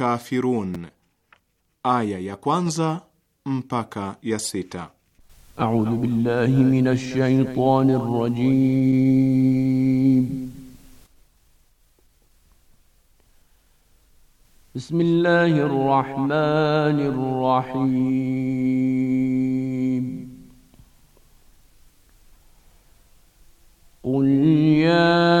Kafirun, aya ya kwanza mpaka ya sita. A'udhu billahi minash shaitani rrajim. Bismillahir rahmanir rahim. Qul ya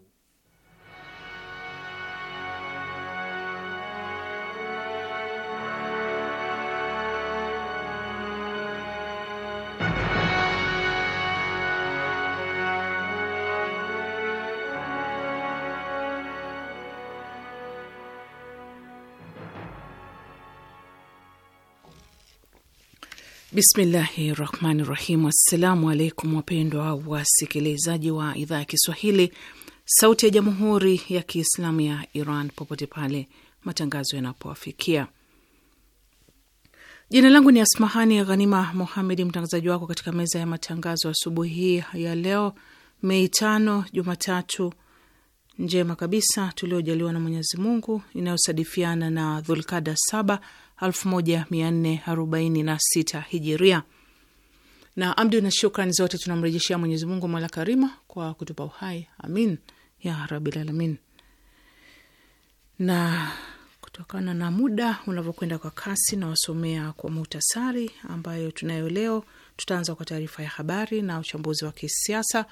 Bismillahi rahmani rahim. Assalamu alaikum wapendwa wasikilizaji wa idhaa ya Kiswahili sauti ya jamhuri ya Kiislamu ya Iran popote pale matangazo yanapowafikia. Jina langu ni Asmahani Ghanima Muhamedi, mtangazaji wako katika meza ya matangazo asubuhi hii ya leo Mei tano, Jumatatu njema kabisa tuliojaliwa na Mwenyezi Mungu inayosadifiana na Dhulkada saba 1446 hijiria. Na amdi na shukrani zote tunamrejeshea Mwenyezi Mungu mwala karima kwa kutupa uhai, amin ya rabil alamin. Na kutokana na muda unavyokwenda kwa kasi, nawasomea kwa muhtasari ambayo tunayo leo. Tutaanza kwa taarifa ya habari na uchambuzi wa kisiasa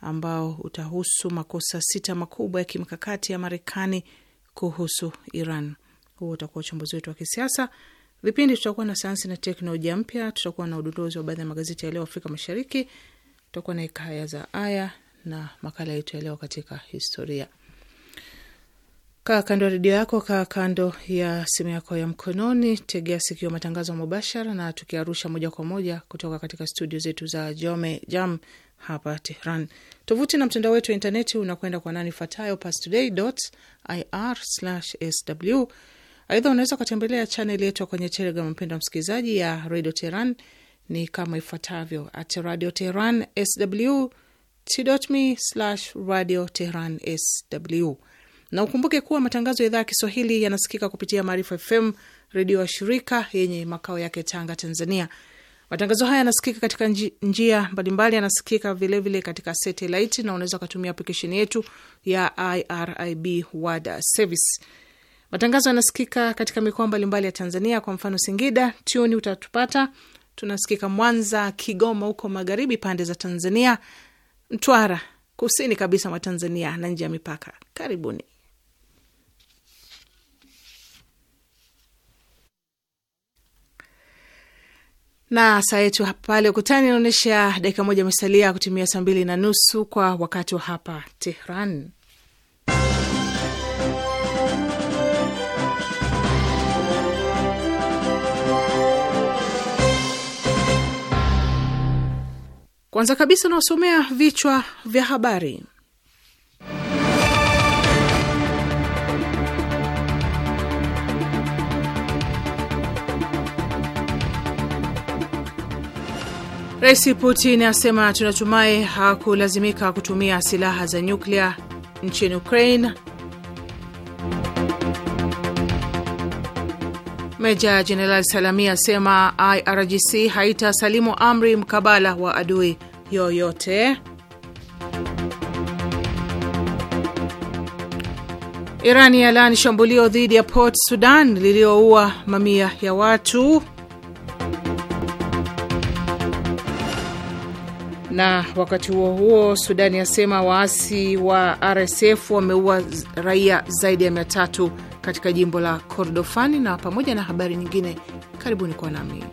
ambao utahusu makosa sita makubwa ya kimkakati ya Marekani kuhusu Iran. Huo utakuwa uchambuzi wetu wa kisiasa. Vipindi tutakuwa na sayansi na teknolojia mpya, tutakuwa na udondozi wa baadhi ya magazeti ya leo Afrika Mashariki, tutakuwa na hikaya za aya na makala yetu ya leo katika historia. Kaa kando ya redio yako, kaa kando ya simu yako ya mkononi, tegea sikio matangazo mubashara na tukiarusha moja kwa moja kutoka katika studio zetu za Jome Jam hapa Tehran. Tovuti na mtandao wetu wa intaneti unakwenda kwa nani ifuatayo: pastoday.ir/sw Aidha, unaweza ukatembelea chaneli yetu kwenye Telegram, mpendo msikilizaji, ya Radio Teheran ni kama ifuatavyo: at Radio Teheran sw t.me slash Radio Teheran sw. Na ukumbuke kuwa matangazo ya idhaa ya Kiswahili yanasikika kupitia Maarifa FM, redio ya shirika yenye makao yake Tanga, Tanzania. Matangazo haya yanasikika katika njia mbalimbali, yanasikika vilevile katika satellite, na unaweza ukatumia aplikesheni yetu ya IRIB World Service. Matangazo yanasikika katika mikoa mbalimbali ya Tanzania. Kwa mfano, Singida tuni utatupata, tunasikika Mwanza, Kigoma huko magharibi pande za Tanzania, Mtwara kusini kabisa mwa Tanzania na nje ya mipaka. Karibuni. na saa yetu pale ukutani inaonyesha dakika moja imesalia kutumia saa mbili na nusu kwa wakati wa hapa Tehran. Kwanza kabisa nawasomea vichwa vya habari. Rais Putin asema tunatumai hakulazimika kutumia silaha za nyuklia nchini Ukraine. Meja Jenerali Salami asema IRGC haitasalimu amri mkabala wa adui yoyote. Irani yalaani shambulio dhidi ya Port Sudan liliyoua mamia ya watu. Na wakati huo huo, Sudani yasema waasi wa RSF wameua raia zaidi ya mia tatu katika jimbo la Kordofani na pamoja na habari nyingine. Karibuni kwa nami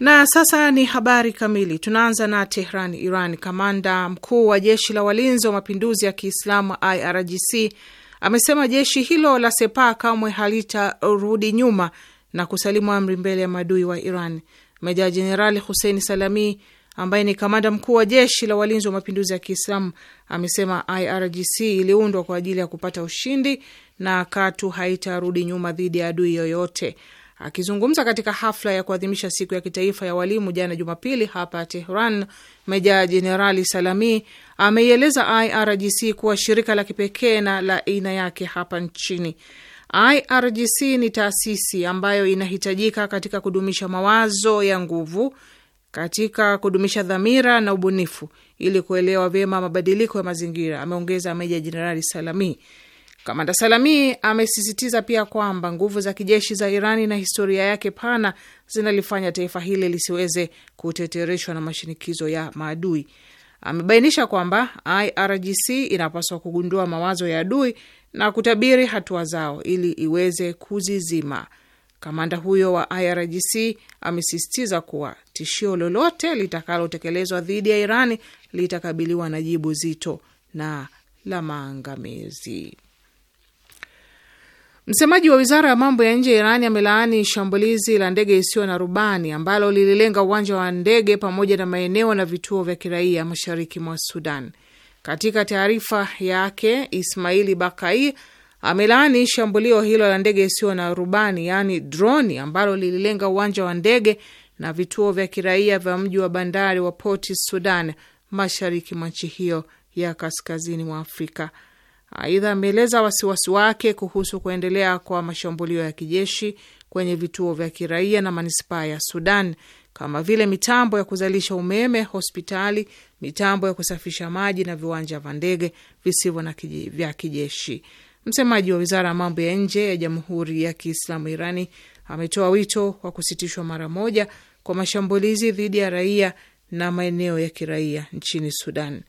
na sasa ni habari kamili. Tunaanza na Tehran, Iran. Kamanda mkuu wa jeshi la walinzi wa mapinduzi ya Kiislamu IRGC amesema jeshi hilo la Sepa kamwe halitarudi nyuma na kusalimu amri mbele ya maadui wa Iran. Meja Jenerali Hussein Salami ambaye ni kamanda mkuu wa jeshi la walinzi wa mapinduzi ya Kiislamu amesema IRGC iliundwa kwa ajili ya kupata ushindi na katu haitarudi nyuma dhidi ya adui yoyote. Akizungumza katika hafla ya kuadhimisha siku ya kitaifa ya walimu jana Jumapili hapa Tehran, meja jenerali Salami ameieleza IRGC kuwa shirika la kipekee na la aina yake hapa nchini. IRGC ni taasisi ambayo inahitajika katika kudumisha mawazo ya nguvu katika kudumisha dhamira na ubunifu ili kuelewa vyema mabadiliko ya mazingira, ameongeza Meja Jenerali Salami. Kamanda Salami amesisitiza pia kwamba nguvu za kijeshi za Irani na historia yake pana zinalifanya taifa hili lisiweze kutetereshwa na mashinikizo ya maadui. Amebainisha kwamba IRGC inapaswa kugundua mawazo ya adui na kutabiri hatua zao ili iweze kuzizima. Kamanda huyo wa IRGC amesisitiza kuwa tishio lolote litakalotekelezwa dhidi ya Irani litakabiliwa na jibu zito na la maangamizi. Msemaji wa wizara ya mambo ya nje ya Irani amelaani shambulizi la ndege isiyo na rubani ambalo lililenga uwanja wa ndege pamoja na maeneo na vituo vya kiraia mashariki mwa Sudan. Katika taarifa yake, Ismaili Bakai amelaani shambulio hilo la ndege isiyo na rubani yaani droni ambalo lililenga uwanja wa ndege na vituo vya kiraia vya mji wa bandari wa Port Sudan mashariki mwa nchi hiyo ya kaskazini mwa Afrika. Aidha, ameeleza wasiwasi wake kuhusu kuendelea kwa mashambulio ya kijeshi kwenye vituo vya kiraia na manispaa ya Sudan kama vile mitambo ya kuzalisha umeme, hospitali, mitambo ya kusafisha maji na viwanja vya ndege visivyo na vya kijeshi. Msemaji wa wizara ya mambo ya nje ya Jamhuri ya Kiislamu Irani ametoa wito wa kusitishwa mara moja kwa mashambulizi dhidi ya raia na maeneo ya kiraia nchini Sudan,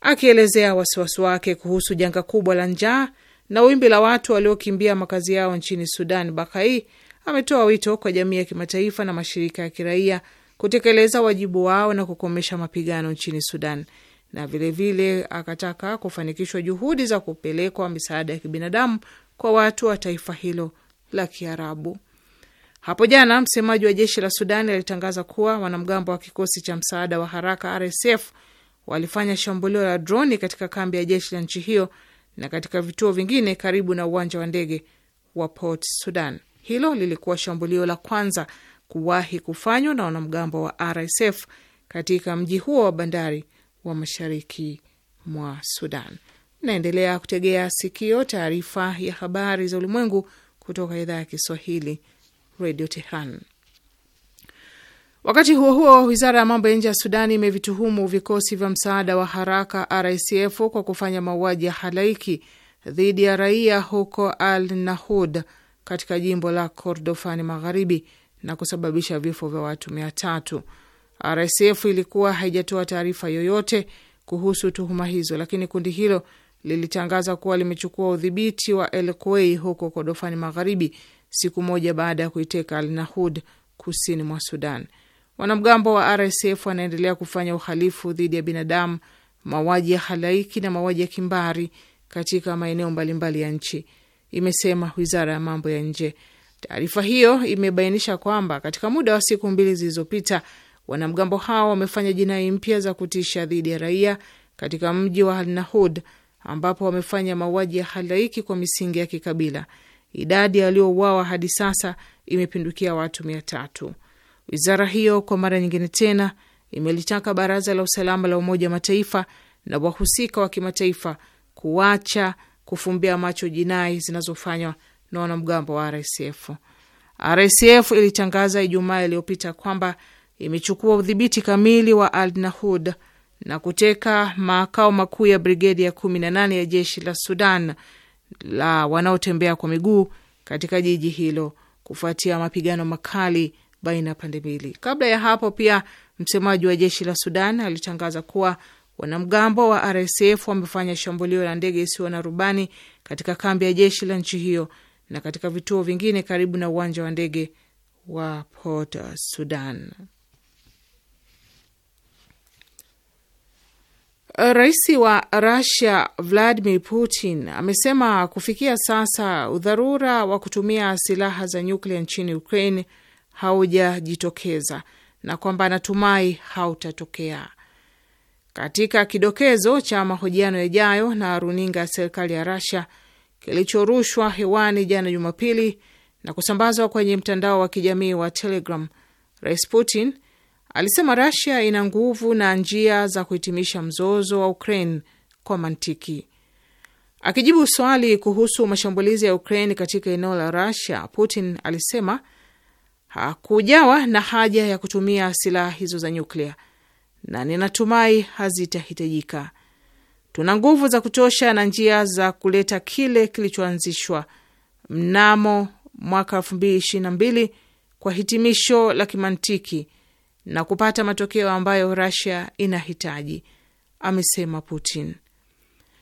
akielezea wasiwasi wake kuhusu janga kubwa la njaa na wimbi la watu waliokimbia makazi yao nchini Sudan. Bakai ametoa wito kwa jamii ya kimataifa na mashirika ya kiraia kutekeleza wajibu wao na kukomesha mapigano nchini Sudan na vilevile vile akataka kufanikishwa juhudi za kupelekwa misaada ya kibinadamu kwa watu wa taifa hilo la Kiarabu. Hapo jana msemaji wa jeshi la Sudani alitangaza kuwa wanamgambo wa kikosi cha msaada wa haraka RSF walifanya shambulio la droni katika kambi ya jeshi la nchi hiyo na katika vituo vingine karibu na uwanja wa ndege wa Port Sudan. Hilo lilikuwa shambulio la kwanza kuwahi kufanywa na wanamgambo wa RSF katika mji huo wa bandari wa mashariki mwa Sudan. Naendelea kutegea sikio taarifa ya habari za ulimwengu kutoka idhaa ya Kiswahili, Radio Tehran. Wakati huo huo, wizara ya mambo ya nje ya Sudani imevituhumu vikosi vya msaada wa haraka RSF kwa kufanya mauaji ya halaiki dhidi ya raia huko Al Nahud katika jimbo la Kordofani Magharibi na kusababisha vifo vya watu mia tatu. RSF ilikuwa haijatoa taarifa yoyote kuhusu tuhuma hizo, lakini kundi hilo lilitangaza kuwa limechukua udhibiti wa El huko Kordofani Magharibi, siku moja baada ya kuiteka Al Nahud kusini mwa Sudan. Wanamgambo wa RSF wanaendelea kufanya uhalifu dhidi ya binadamu, mauaji ya halaiki na mauaji ya kimbari katika maeneo mbalimbali ya nchi, imesema wizara ya mambo ya nje. Taarifa hiyo imebainisha kwamba katika muda wa siku mbili zilizopita Wanamgambo hao wamefanya jinai mpya za kutisha dhidi ya raia katika mji wa alnahud ambapo wamefanya mauaji ya halaiki kwa misingi ya kikabila. Idadi ya hadi sasa imepindukia watu mia tatu. Wizara hiyo kwa mara nyingine tena imelitaka Baraza la Usalama la Umoja wa Mataifa na wahusika wa kimataifa kuacha kufumbia macho jinai zinazofanywa na wanamgambo wa RSF. RSF ilitangaza Ijumaa iliyopita kwamba imechukua udhibiti kamili wa Al Nahud na kuteka makao makuu ya brigedi ya 18 ya jeshi la Sudan la wanaotembea kwa miguu katika jiji hilo kufuatia mapigano makali baina ya pande mbili. Kabla ya hapo pia, msemaji wa jeshi la Sudan alitangaza kuwa wanamgambo wa RSF wamefanya shambulio la ndege isiyo na rubani katika kambi ya jeshi la nchi hiyo na katika vituo vingine karibu na uwanja wa ndege wa Port Sudan. Rais wa Rusia Vladimir Putin amesema kufikia sasa udharura wa kutumia silaha za nyuklia nchini Ukraine haujajitokeza na kwamba anatumai hautatokea. Katika kidokezo cha mahojiano yajayo na runinga ya serikali ya rasia kilichorushwa hewani jana Jumapili na kusambazwa kwenye mtandao wa kijamii wa Telegram, Rais Putin Alisema Rasia ina nguvu na njia za kuhitimisha mzozo wa Ukraine kwa mantiki. Akijibu swali kuhusu mashambulizi ya Ukraine katika eneo la Rasia, Putin alisema hakujawa na haja ya kutumia silaha hizo za nyuklia na ninatumai hazitahitajika. Tuna nguvu za kutosha na njia za kuleta kile kilichoanzishwa mnamo mwaka 2022 kwa hitimisho la kimantiki na kupata matokeo ambayo rasia inahitaji, amesema Putin.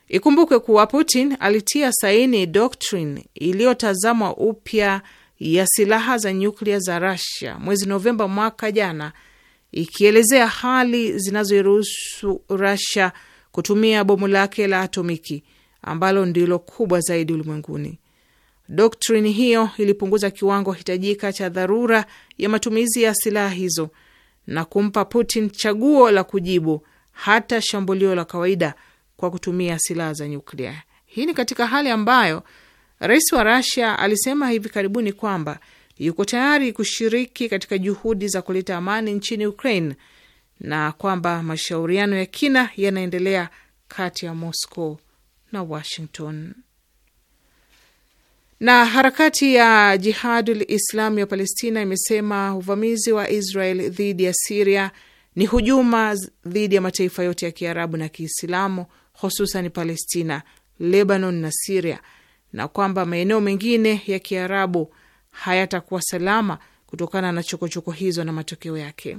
Ikumbukwe kuwa Putin alitia saini doktrin iliyotazamwa upya ya silaha za nyuklia za rasia mwezi Novemba mwaka jana, ikielezea hali zinazoiruhusu rasia kutumia bomu lake la atomiki ambalo ndilo kubwa zaidi ulimwenguni. doktrin hiyo ilipunguza kiwango hitajika cha dharura ya matumizi ya silaha hizo na kumpa Putin chaguo la kujibu hata shambulio la kawaida kwa kutumia silaha za nyuklia. Hii ni katika hali ambayo rais wa Rasia alisema hivi karibuni kwamba yuko tayari kushiriki katika juhudi za kuleta amani nchini Ukraine na kwamba mashauriano ya kina yanaendelea kati ya Moscow na Washington. Na harakati ya Jihadul Islam ya Palestina imesema uvamizi wa Israel dhidi ya Siria ni hujuma dhidi ya mataifa yote ya Kiarabu na Kiislamu, hususan Palestina, Lebanon na Siria, na kwamba maeneo mengine ya Kiarabu hayatakuwa salama kutokana na chokochoko hizo na matokeo yake.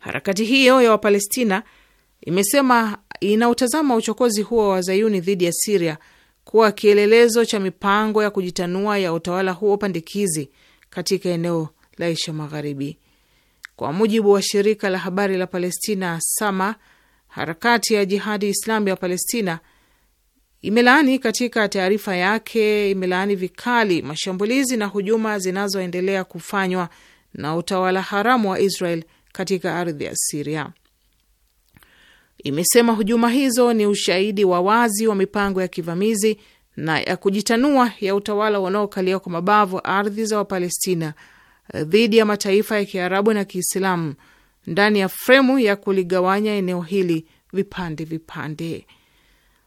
Harakati hiyo ya Wapalestina imesema inautazama uchokozi huo wa Zayuni dhidi ya Siria kuwa kielelezo cha mipango ya kujitanua ya utawala huo pandikizi katika eneo la Asia Magharibi. Kwa mujibu wa shirika la habari la Palestina Sama, harakati ya Jihadi Islamu ya Palestina imelaani katika taarifa yake, imelaani vikali mashambulizi na hujuma zinazoendelea kufanywa na utawala haramu wa Israel katika ardhi ya Siria imesema hujuma hizo ni ushahidi wa wazi wa mipango ya kivamizi na ya kujitanua ya utawala unaokalia kwa mabavu ardhi za Wapalestina eh, dhidi ya mataifa ya Kiarabu na Kiislamu ndani ya fremu ya kuligawanya eneo hili vipande vipande.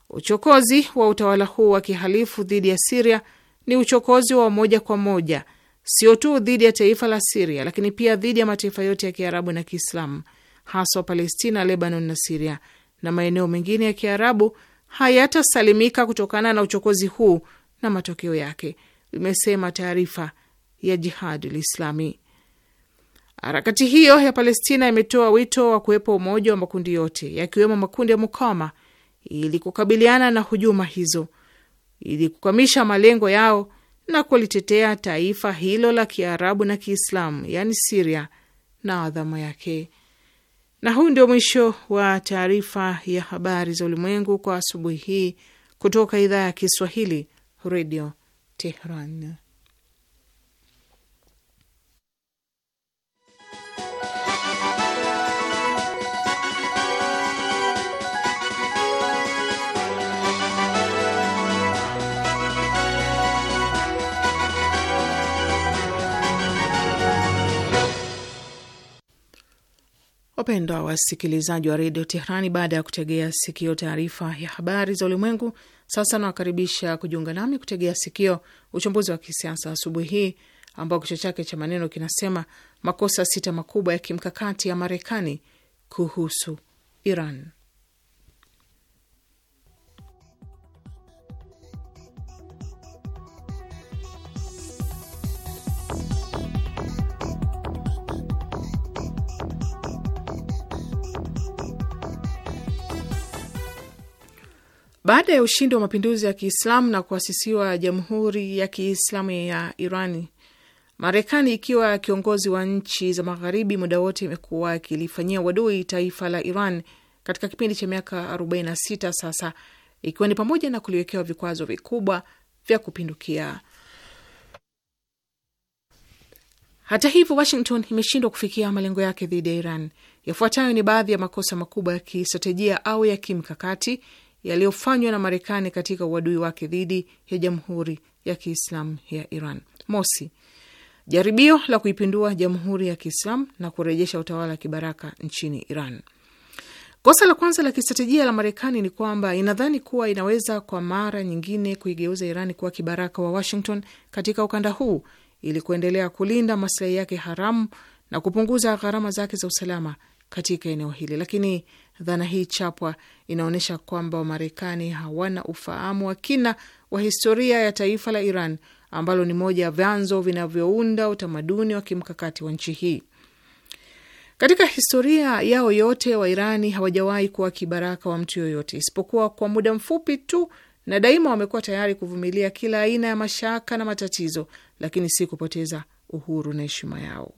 Uchokozi wa utawala huu wa kihalifu dhidi ya Siria ni uchokozi wa moja kwa moja, sio tu dhidi ya taifa la Siria, lakini pia dhidi ya mataifa yote ya Kiarabu na Kiislamu haswa Palestina, Lebanon na Siria na maeneo mengine ya Kiarabu hayatasalimika kutokana na uchokozi huu na matokeo yake, limesema taarifa ya Jihad Lislami. Harakati hiyo ya Palestina imetoa wito wa kuwepo umoja wa makundi yote yakiwemo makundi ya mukawama ili kukabiliana na hujuma hizo ili kukwamisha malengo yao na kulitetea taifa hilo la Kiarabu na Kiislamu, yani Siria na adhama yake. Na huu ndio mwisho wa taarifa ya habari za ulimwengu kwa asubuhi hii kutoka idhaa ya Kiswahili, Redio Tehran. Wapendwa wasikilizaji wa redio Tehrani, baada ya kutegea sikio taarifa ya habari za ulimwengu, sasa nawakaribisha kujiunga nami kutegea sikio uchambuzi wa kisiasa asubuhi hii ambao kichwa chake cha maneno kinasema makosa sita makubwa ya kimkakati ya Marekani kuhusu Iran. Baada ya ushindi wa mapinduzi ya Kiislamu na kuasisiwa Jamhuri ya Kiislamu ya Irani, Marekani ikiwa kiongozi wa nchi za Magharibi, muda wote imekuwa ikilifanyia uadui taifa la Iran katika kipindi cha miaka 46 sasa, ikiwa ni pamoja na kuliwekewa vikwazo vikubwa vya kupindukia. Hata hivyo, Washington imeshindwa kufikia malengo yake dhidi ya Iran. Yafuatayo ni baadhi ya makosa makubwa ya kistratejia au ya kimkakati yaliyofanywa na Marekani katika uadui wake dhidi ya Jamhuri ya Kiislamu ya Iran. Mosi, jaribio la kuipindua Jamhuri ya Kiislamu na kurejesha utawala wa kibaraka nchini Iran. Kosa la kwanza la kistratejia la Marekani ni kwamba inadhani kuwa inaweza kwa mara nyingine kuigeuza iran kuwa kibaraka wa Washington katika ukanda huu ili kuendelea kulinda maslahi yake haramu na kupunguza gharama zake za usalama katika eneo hili, lakini Dhana hii chapwa inaonyesha kwamba Wamarekani hawana ufahamu wa kina wa historia ya taifa la Iran ambalo ni moja ya vyanzo vinavyounda utamaduni wa kimkakati wa nchi hii. Katika historia yao yote, Wairani hawajawahi kuwa kibaraka wa mtu yoyote isipokuwa kwa muda mfupi tu, na daima wamekuwa tayari kuvumilia kila aina ya mashaka na matatizo, lakini si kupoteza uhuru na heshima yao.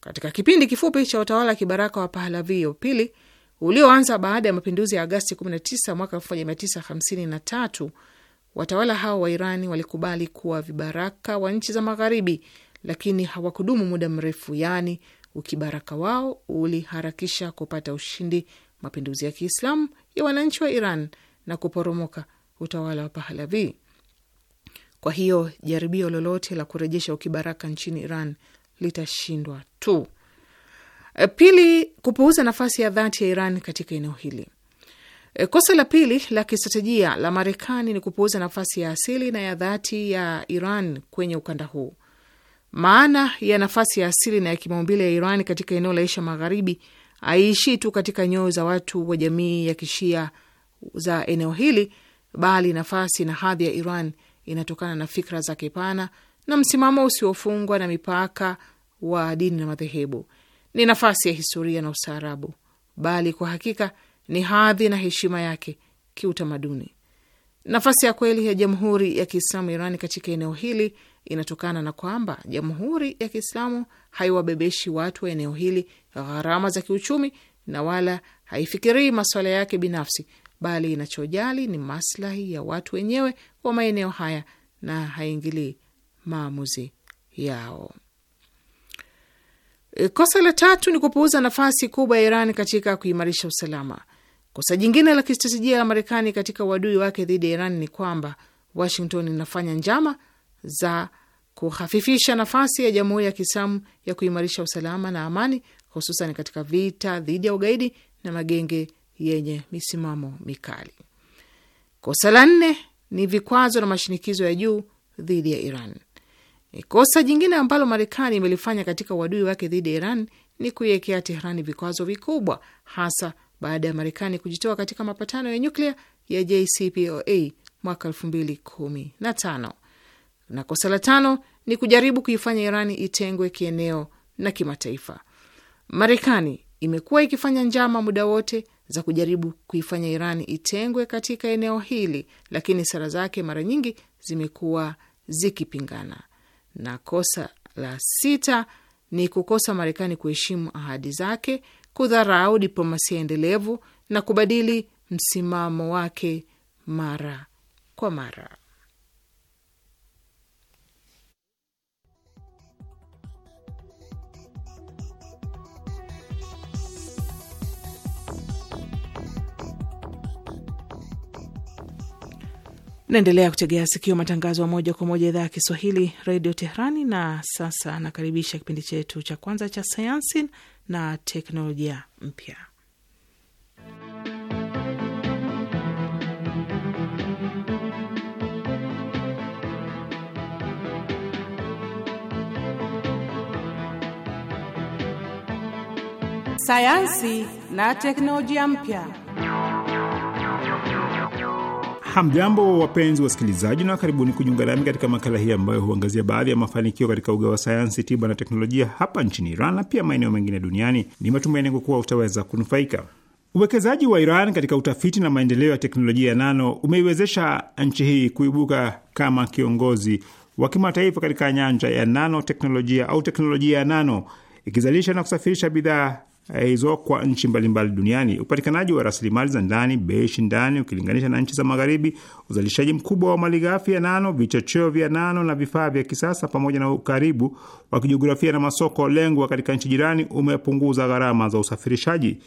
Katika kipindi kifupi cha utawala wa kibaraka wa Pahlavi wa pili ulioanza baada ya mapinduzi ya Agasti 19 mwaka 1953. Watawala hao wa Irani walikubali kuwa vibaraka wa nchi za Magharibi, lakini hawakudumu muda mrefu, yaani ukibaraka wao uliharakisha kupata ushindi mapinduzi ya Kiislamu ya wananchi wa Iran na kuporomoka utawala wa Pahlavi. Kwa hiyo jaribio lolote la kurejesha ukibaraka nchini Iran litashindwa tu. Eh, pili, kupuuza nafasi ya dhati ya Iran katika eneo hili. Eh, kosa la pili la kistratejia la Marekani ni kupuuza nafasi ya asili na ya dhati ya Iran kwenye ukanda huu. Maana ya nafasi ya asili na ya kimaumbile ya Iran katika eneo la Asia Magharibi haiishii tu katika nyoyo za watu wa jamii ya kishia za eneo hili, bali nafasi na hadhi ya Iran inatokana na fikra zake pana na msimamo usiofungwa na mipaka wa dini na madhehebu ni nafasi ya historia na ustaarabu, bali kwa hakika ni hadhi na heshima yake kiutamaduni. Nafasi ya kweli ya Jamhuri ya Kiislamu Irani katika eneo hili inatokana na kwamba Jamhuri ya Kiislamu haiwabebeshi watu wa eneo hili gharama za kiuchumi na wala haifikirii masuala yake binafsi, bali inachojali ni maslahi ya watu wenyewe wa maeneo haya na haingilii maamuzi yao. E, kosa la tatu ni kupuuza nafasi kubwa ya Iran katika kuimarisha usalama. Kosa jingine la kistratejia la Marekani katika uadui wake dhidi ya Iran ni kwamba Washington inafanya njama za kuhafifisha nafasi ya Jamhuri ya Kiislamu ya kuimarisha usalama na amani, hususan katika vita dhidi ya ugaidi na magenge yenye misimamo mikali. Kosa la nne ni vikwazo na mashinikizo ya juu dhidi ya Iran. Eh, kosa jingine ambalo Marekani imelifanya katika uadui wake dhidi ya Iran ni kuiwekea Teherani vikwazo vikubwa, hasa baada ya Marekani kujitoa katika mapatano ya nyuklia ya JCPOA mwaka kumi Na kosa la tano ni kujaribu kuifanya Irani itengwe kieneo na kimataifa. Marekani imekuwa ikifanya njama muda wote za kujaribu kuifanya iran itengwe katika eneo hili, lakini sera zake mara nyingi zimekuwa zikipingana na kosa la sita ni kukosa Marekani kuheshimu ahadi zake, kudharau diplomasia endelevu na kubadili msimamo wake mara kwa mara. Naendelea kutegea sikio matangazo ya moja kwa moja idhaa ya Kiswahili redio Teherani. Na sasa anakaribisha kipindi chetu cha kwanza cha sayansi na teknolojia mpya. Sayansi na teknolojia mpya. Hamjambo, wapenzi wasikilizaji, na karibuni kujiunga nami katika makala hii ambayo huangazia baadhi ya mafanikio katika uga wa sayansi, tiba na teknolojia hapa nchini Iran na pia maeneo mengine duniani. Ni matumaini yangu kuwa utaweza kunufaika. Uwekezaji wa Iran katika utafiti na maendeleo ya teknolojia ya nano umeiwezesha nchi hii kuibuka kama kiongozi wa kimataifa katika nyanja ya nano teknolojia au teknolojia ya nano, ikizalisha na kusafirisha bidhaa kwa nchi mbalimbali duniani. Upatikanaji wa rasilimali za ndani, bei shindani ukilinganisha na nchi za Magharibi, uzalishaji mkubwa wa malighafi ya nano, vichocheo vya nano na vifaa vya kisasa, pamoja na ukaribu wa kijiografia na masoko lengwa katika nchi jirani, umepunguza gharama za usafirishaji.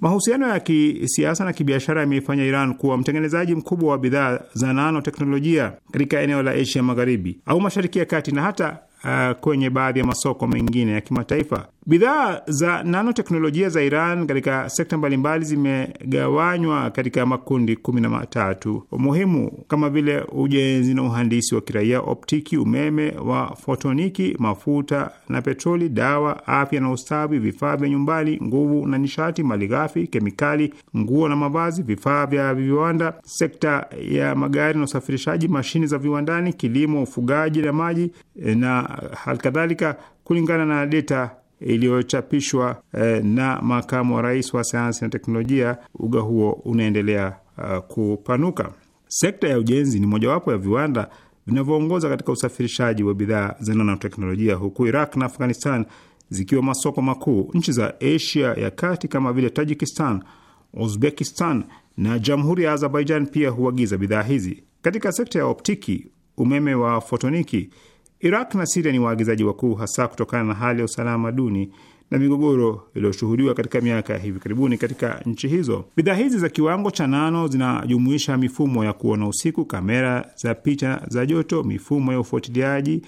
Mahusiano ya kisiasa na kibiashara yameifanya Iran kuwa mtengenezaji mkubwa wa bidhaa za nano teknolojia katika eneo la Asia Magharibi au Mashariki ya Kati na hata uh, kwenye baadhi ya masoko mengine ya kimataifa. Bidhaa za nanoteknolojia za Iran katika sekta mbalimbali zimegawanywa katika makundi kumi na matatu muhimu kama vile ujenzi na uhandisi wa kiraia, optiki, umeme wa fotoniki, mafuta na petroli, dawa, afya na ustawi, vifaa vya nyumbani, nguvu na nishati, malighafi, kemikali, nguo na mavazi, vifaa vya viwanda, sekta ya magari na usafirishaji, mashine za viwandani, kilimo, ufugaji na maji eh, na Halikadhalika, kulingana na data iliyochapishwa eh, na makamu wa rais wa sayansi na teknolojia, uga huo unaendelea uh, kupanuka. Sekta ya ujenzi ni mojawapo ya viwanda vinavyoongoza katika usafirishaji wa bidhaa za nanoteknolojia, huku Iraq na Afghanistan zikiwa masoko makuu. Nchi za Asia ya kati kama vile Tajikistan, Uzbekistan na jamhuri ya Azerbaijan pia huagiza bidhaa hizi. Katika sekta ya optiki, umeme wa fotoniki Iraq na Siria ni waagizaji wakuu, hasa kutokana na hali ya usalama duni na migogoro iliyoshuhudiwa katika miaka ya hivi karibuni katika nchi hizo. Bidhaa hizi za kiwango cha nano zinajumuisha mifumo ya kuona usiku, kamera za picha za joto, mifumo ya ufuatiliaji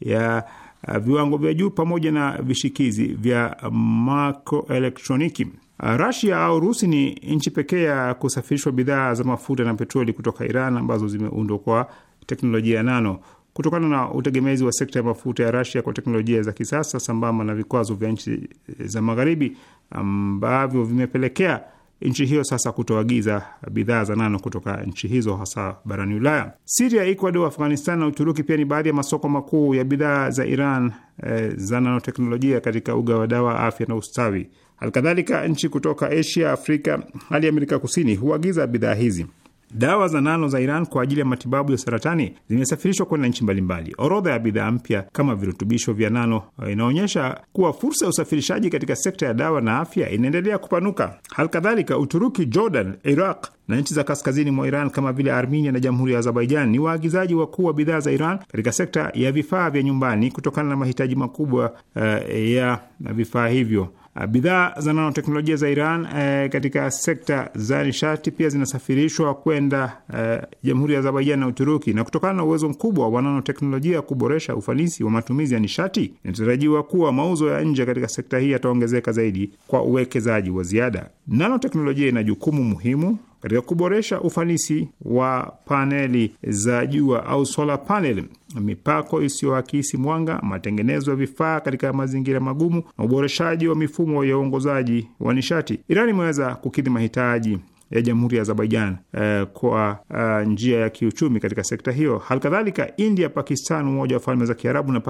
ya uh, viwango vya juu, pamoja na vishikizi vya makroelektroniki. Uh, Rasia au Rusi ni nchi pekee ya kusafirishwa bidhaa za mafuta na petroli kutoka Iran ambazo zimeundwa kwa teknolojia nano kutokana na utegemezi wa sekta ya mafuta ya Rasia kwa teknolojia za kisasa sambamba na vikwazo vya nchi za Magharibi ambavyo vimepelekea nchi hiyo sasa kutoagiza bidhaa za nano kutoka nchi hizo hasa barani Ulaya. Siria, Ecuador, Afghanistan na Uturuki pia ni baadhi ya masoko makuu ya bidhaa za Iran eh, za nanoteknolojia katika uga wa dawa, afya na ustawi. Halikadhalika, nchi kutoka Asia, Afrika hadi Amerika Kusini huagiza bidhaa hizi. Dawa za nano za Iran kwa ajili ya matibabu ya saratani zimesafirishwa kwenda nchi mbalimbali. Orodha ya bidhaa mpya kama virutubisho vya nano eh, inaonyesha kuwa fursa ya usafirishaji katika sekta ya dawa na afya inaendelea kupanuka. Hali kadhalika, Uturuki, Jordan, Iraq na nchi za kaskazini mwa Iran kama vile Armenia na Jamhuri ya Azerbaijan ni waagizaji wakuu wa bidhaa za Iran katika sekta ya vifaa vya nyumbani kutokana na mahitaji makubwa uh, ya vifaa hivyo. Ah, bidhaa za nanoteknolojia za Iran e, katika sekta za nishati pia zinasafirishwa kwenda e, Jamhuri ya Azerbaijan na Uturuki, na kutokana na uwezo mkubwa wa nanoteknolojia kuboresha ufanisi wa matumizi ya nishati, inatarajiwa kuwa mauzo ya nje katika sekta hii yataongezeka zaidi kwa uwekezaji wa ziada. Nanoteknolojia ina jukumu muhimu katika kuboresha ufanisi wa paneli za jua au solar panel, mipako isiyoakisi mwanga, matengenezo ya vifaa katika mazingira magumu na uboreshaji wa mifumo ya uongozaji wa nishati. Iran imeweza kukidhi mahitaji ya jamhuri ya Azerbaijan eh, kwa uh, njia ya kiuchumi katika sekta hiyo. Halikadhalika, India, Pakistan, Umoja wa Falme za Kiarabu na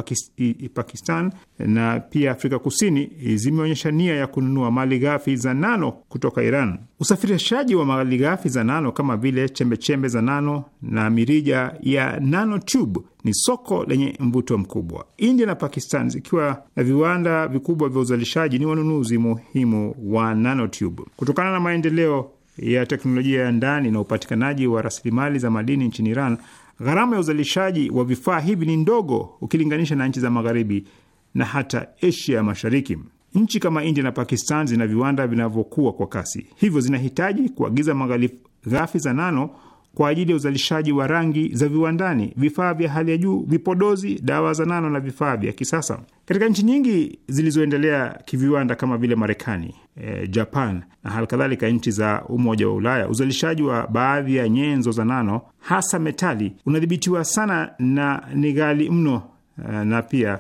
Pakistan na pia Afrika Kusini eh, zimeonyesha nia ya kununua mali ghafi za nano kutoka Iran. Usafirishaji wa mali ghafi za nano kama vile chembechembe za nano na mirija ya nanotube ni soko lenye mvuto mkubwa. India na Pakistan zikiwa na viwanda vikubwa vya uzalishaji, ni wanunuzi muhimu wa nanotube. Kutokana na maendeleo ya teknolojia ya ndani na upatikanaji wa rasilimali za madini nchini Iran, gharama ya uzalishaji wa vifaa hivi ni ndogo ukilinganisha na nchi za magharibi na hata Asia ya Mashariki. Nchi kama India na Pakistan zina viwanda vinavyokuwa kwa kasi, hivyo zinahitaji kuagiza ghafi za nano kwa ajili ya uzalishaji wa rangi za viwandani, vifaa vya hali ya juu, vipodozi, dawa za nano na vifaa vya kisasa. Katika nchi nyingi zilizoendelea kiviwanda kama vile Marekani, eh, Japan na halikadhalika nchi za Umoja wa Ulaya, uzalishaji wa baadhi ya nyenzo za nano, hasa metali, unadhibitiwa sana na ni ghali mno eh, na pia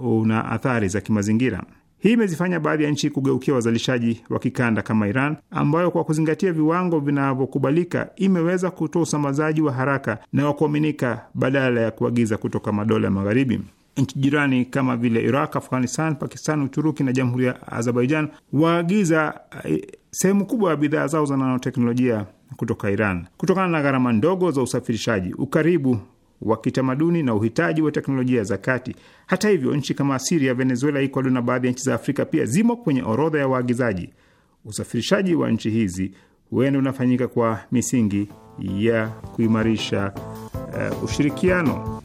uh, una athari za kimazingira. Hii imezifanya baadhi ya nchi kugeukia wazalishaji wa kikanda kama Iran, ambayo kwa kuzingatia viwango vinavyokubalika imeweza kutoa usambazaji wa haraka na wa kuaminika badala ya kuagiza kutoka madola magharibi. Nchi jirani kama vile Iraq, Afghanistan, Pakistan, Uturuki na jamhuri ya Azerbaijan waagiza eh, sehemu kubwa ya bidhaa zao za nanoteknolojia kutoka Iran kutokana na gharama ndogo za usafirishaji, ukaribu wa kitamaduni na uhitaji wa teknolojia za kati. Hata hivyo, nchi kama Siria, Venezuela, Ecuador na baadhi ya nchi za Afrika pia zimo kwenye orodha ya waagizaji. Usafirishaji wa nchi hizi huenda unafanyika kwa misingi ya kuimarisha uh, ushirikiano.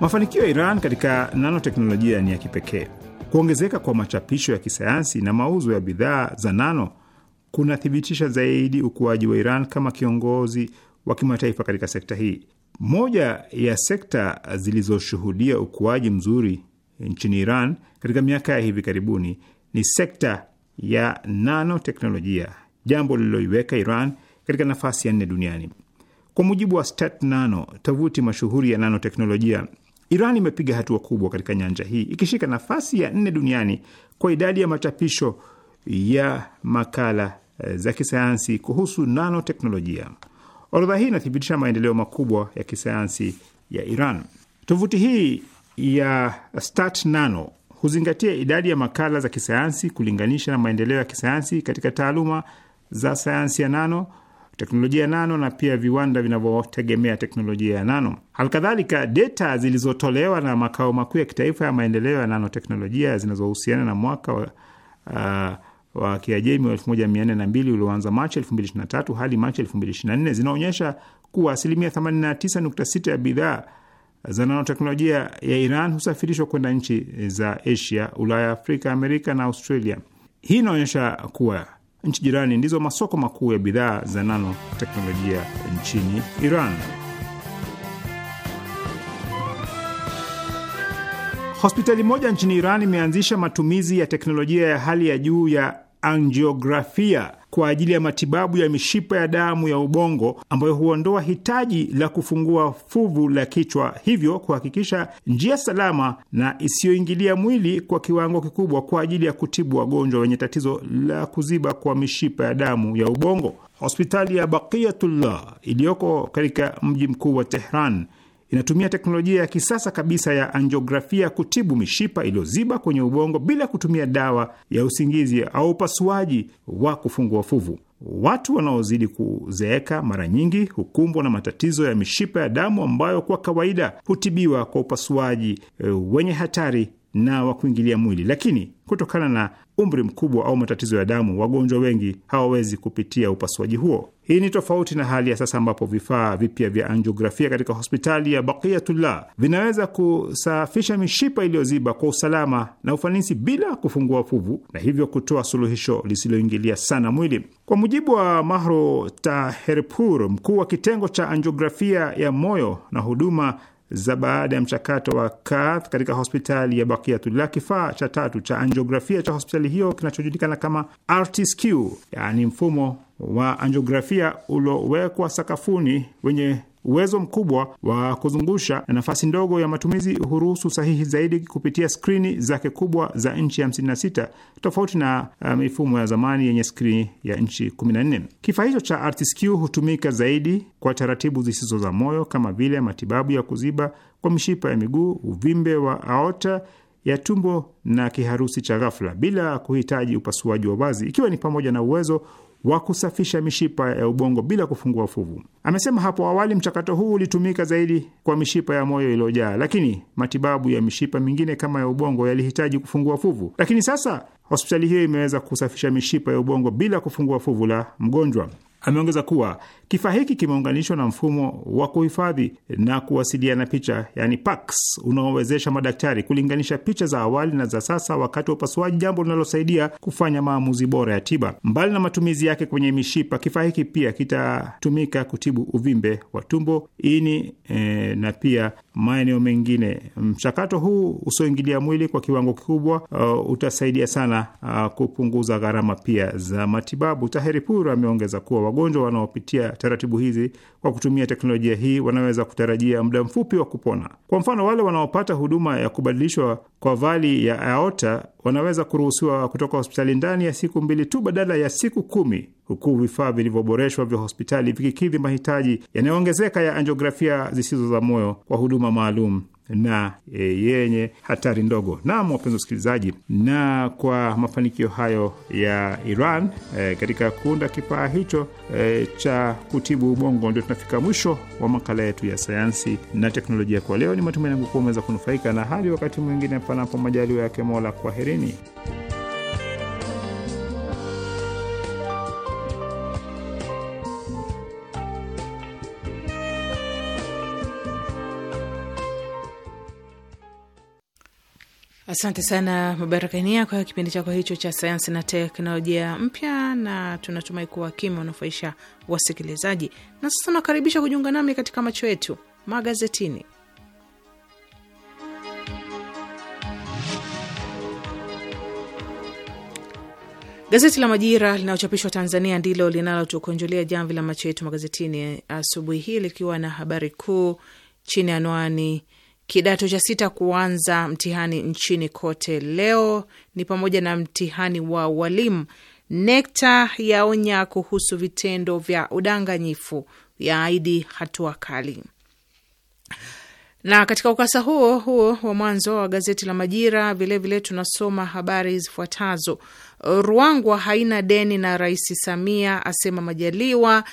Mafanikio ya Iran katika nanoteknolojia ni ya kipekee. Kuongezeka kwa machapisho ya kisayansi na mauzo ya bidhaa za nano kunathibitisha zaidi ukuaji wa Iran kama kiongozi wa kimataifa katika sekta hii. Moja ya sekta zilizoshuhudia ukuaji mzuri nchini Iran katika miaka ya hivi karibuni ni sekta ya nanoteknolojia, jambo lililoiweka Iran katika nafasi ya nne duniani. Kwa mujibu wa Stat Nano, tovuti mashuhuri ya nanoteknolojia, Iran imepiga hatua kubwa katika nyanja hii ikishika nafasi ya nne duniani kwa idadi ya machapisho ya makala eh, za kisayansi kuhusu nanoteknolojia. Orodha hii inathibitisha maendeleo makubwa ya kisayansi ya Iran. Tovuti hii ya Stat Nano huzingatia idadi ya makala za kisayansi kulinganisha na maendeleo ya kisayansi katika taaluma za sayansi ya nano teknolojia ya nano na pia viwanda vinavyotegemea teknolojia ya nano. Halikadhalika, deta zilizotolewa na makao makuu ya kitaifa ya maendeleo ya nanoteknolojia zinazohusiana na mwaka wa, uh, wa Kiajemi wa 1402 ulioanza Machi 2023 hadi Machi 2024 zinaonyesha kuwa asilimia 89.6 ya bidhaa za nanoteknolojia ya Iran husafirishwa kwenda nchi za Asia, Ulaya, Afrika, Amerika na Australia. Hii inaonyesha kuwa nchi jirani ndizo masoko makuu ya bidhaa za nano teknolojia nchini Iran. Hospitali moja nchini Iran imeanzisha matumizi ya teknolojia ya hali ya juu ya angiografia kwa ajili ya matibabu ya mishipa ya damu ya ubongo ambayo huondoa hitaji la kufungua fuvu la kichwa, hivyo kuhakikisha njia salama na isiyoingilia mwili kwa kiwango kikubwa kwa ajili ya kutibu wagonjwa wenye tatizo la kuziba kwa mishipa ya damu ya ubongo. Hospitali ya Baqiyatullah iliyoko katika mji mkuu wa Tehran inatumia teknolojia ya kisasa kabisa ya anjiografia kutibu mishipa iliyoziba kwenye ubongo bila kutumia dawa ya usingizi au upasuaji wa kufungua fuvu. Watu wanaozidi kuzeeka mara nyingi hukumbwa na matatizo ya mishipa ya damu ambayo kwa kawaida hutibiwa kwa upasuaji eh, wenye hatari na wa kuingilia mwili, lakini kutokana na umri mkubwa au matatizo ya damu, wagonjwa wengi hawawezi kupitia upasuaji huo. Hii ni tofauti na hali ya sasa ambapo vifaa vipya vya anjiografia katika hospitali ya Baqiyatullah vinaweza kusafisha mishipa iliyoziba kwa usalama na ufanisi bila kufungua fuvu na hivyo kutoa suluhisho lisiloingilia sana mwili. Kwa mujibu wa Mahro Taherpur, mkuu wa kitengo cha anjiografia ya moyo na huduma za baada ya mchakato wa cath katika hospitali ya la Kifaa cha tatu cha anjiografia cha hospitali hiyo kinachojulikana kama RTSQ, yaani mfumo wa angiografia uliowekwa sakafuni wenye Uwezo mkubwa wa kuzungusha na nafasi ndogo ya matumizi huruhusu sahihi zaidi kupitia skrini zake kubwa za nchi 56 tofauti na eh, mifumo um, ya zamani yenye skrini ya nchi 14. Kifaa hicho cha Artisq hutumika zaidi kwa taratibu zisizo za moyo kama vile matibabu ya kuziba kwa mishipa ya miguu, uvimbe wa aorta ya tumbo na kiharusi cha ghafla bila kuhitaji upasuaji wa wazi, ikiwa ni pamoja na uwezo wa kusafisha mishipa ya ubongo bila kufungua fuvu. Amesema hapo awali mchakato huu ulitumika zaidi kwa mishipa ya moyo iliyojaa, lakini matibabu ya mishipa mingine kama ya ubongo yalihitaji kufungua fuvu, lakini sasa hospitali hiyo imeweza kusafisha mishipa ya ubongo bila kufungua fuvu la mgonjwa. Ameongeza kuwa kifaa hiki kimeunganishwa na mfumo wa kuhifadhi na kuwasiliana picha, yani PACS, unaowezesha madaktari kulinganisha picha za awali na za sasa wakati wa upasuaji, jambo linalosaidia kufanya maamuzi bora ya tiba. Mbali na matumizi yake kwenye mishipa, kifaa hiki pia kitatumika kutibu uvimbe wa tumbo, ini, e, na pia maeneo mengine. Mchakato huu usioingilia mwili kwa kiwango kikubwa uh, utasaidia sana uh, kupunguza gharama pia za matibabu. Taheri Pur ameongeza kuwa wagonjwa wanaopitia taratibu hizi kwa kutumia teknolojia hii wanaweza kutarajia muda mfupi wa kupona. Kwa mfano, wale wanaopata huduma ya kubadilishwa kwa vali ya aorta wanaweza kuruhusiwa kutoka hospitali ndani ya siku mbili tu badala ya siku kumi huku vifaa vilivyoboreshwa vya hospitali vikikidhi mahitaji yanayoongezeka ya anjiografia zisizo za moyo kwa huduma maalum na e, yenye hatari ndogo. Naam, wapenzi wasikilizaji, na kwa mafanikio hayo ya Iran e, katika kuunda kifaa hicho e, cha kutibu ubongo, ndio tunafika mwisho wa makala yetu ya sayansi na teknolojia kwa leo. Ni matumaini yangu kuwa umeweza kunufaika, na hadi wakati mwingine, panapo majaliwa yake Mola, kwaherini. Asante sana Mabarakania kwa kipindi chako hicho cha sayansi na teknolojia mpya, na tunatumai kuwa kima unafaisha wasikilizaji. Na sasa nakaribisha kujiunga nami katika macho yetu magazetini. Gazeti la Majira linalochapishwa Tanzania ndilo linalotukunjulia jamvi la macho yetu magazetini asubuhi hii likiwa na habari kuu chini ya anwani Kidato cha sita kuanza mtihani nchini kote leo ni pamoja na mtihani wa walimu. Nekta yaonya kuhusu vitendo vya udanganyifu, yaahidi hatua kali. Na katika ukasa huo huo wa mwanzo wa gazeti la Majira vilevile vile tunasoma habari zifuatazo: Ruangwa haina deni na Rais Samia asema Majaliwa.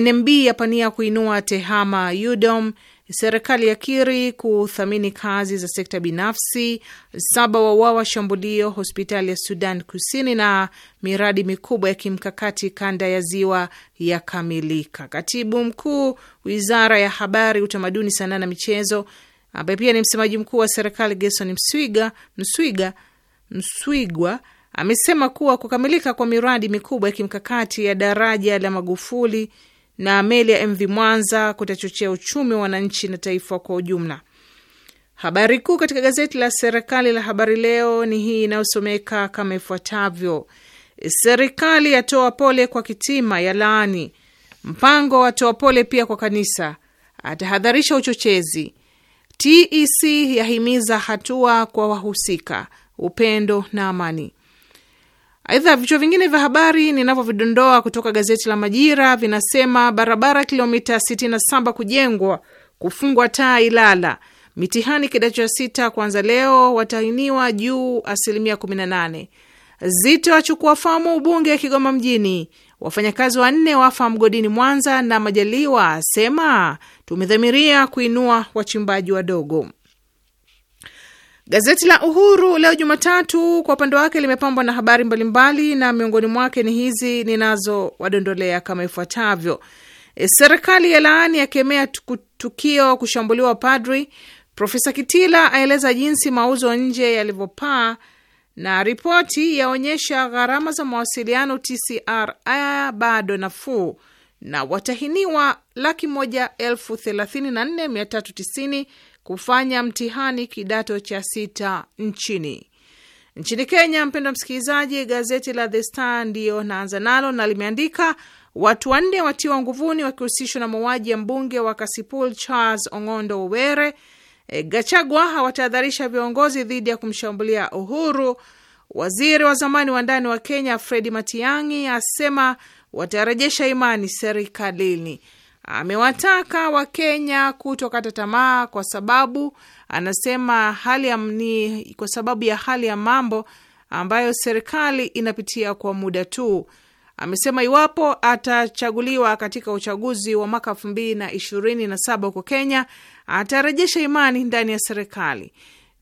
NMB yapania kuinua tehama UDOM. Serikali ya kiri kuthamini kazi za sekta binafsi. Saba wauawa shambulio hospitali ya Sudan Kusini, na miradi mikubwa ya kimkakati kanda ya ziwa yakamilika. Katibu mkuu wizara ya habari, utamaduni, sanaa na michezo, ambaye pia ni msemaji mkuu wa serikali Gerson Mswiga, Mswiga, Mswigwa amesema kuwa kukamilika kwa miradi mikubwa ya kimkakati ya daraja la Magufuli na meli ya MV Mwanza kutachochea uchumi wa wananchi na taifa kwa ujumla. Habari kuu katika gazeti la serikali la Habari Leo ni hii inayosomeka kama ifuatavyo: serikali yatoa pole kwa Kitima ya laani mpango, watoa pole pia kwa kanisa, atahadharisha uchochezi. TEC yahimiza hatua kwa wahusika, upendo na amani. Aidha, vichwa vingine vya habari ninavyovidondoa kutoka gazeti la Majira vinasema barabara kilomita 67 kujengwa, kufungwa taa Ilala, mitihani kidato cha sita kuanza leo, watahiniwa juu asilimia 18, Zito achukua fomu ubunge ya Kigoma Mjini, wafanyakazi wanne wafa mgodini Mwanza, na Majaliwa asema tumedhamiria kuinua wachimbaji wadogo. Gazeti la Uhuru leo Jumatatu kwa upande wake limepambwa na habari mbalimbali na miongoni mwake ni hizi ninazowadondolea kama ifuatavyo: e, serikali ya laani yakemea tukio kushambuliwa padri, Profesa Kitila aeleza jinsi mauzo nje yalivyopaa, na ripoti yaonyesha gharama za mawasiliano TCR bado nafuu, na watahiniwa laki moja elfu thelathini na nne mia tatu tisini kufanya mtihani kidato cha sita nchini nchini Kenya. Mpendwa msikilizaji, gazeti la The Star ndiyo naanza nalo na limeandika watu wanne watiwa nguvuni wakihusishwa na mauaji ya mbunge wa Kasipul Charles Ong'ondo Were. E, Gachagua hawatahadharisha viongozi dhidi ya kumshambulia Uhuru. Waziri wa zamani wa ndani wa Kenya Fredi Matiang'i asema watarejesha imani serikalini amewataka Wakenya kutokata tamaa kwa sababu anasema hali ya mni, kwa sababu ya hali ya mambo ambayo serikali inapitia kwa muda tu. Amesema iwapo atachaguliwa katika uchaguzi wa mwaka elfu mbili na ishirini na saba huko Kenya atarejesha imani ndani ya serikali.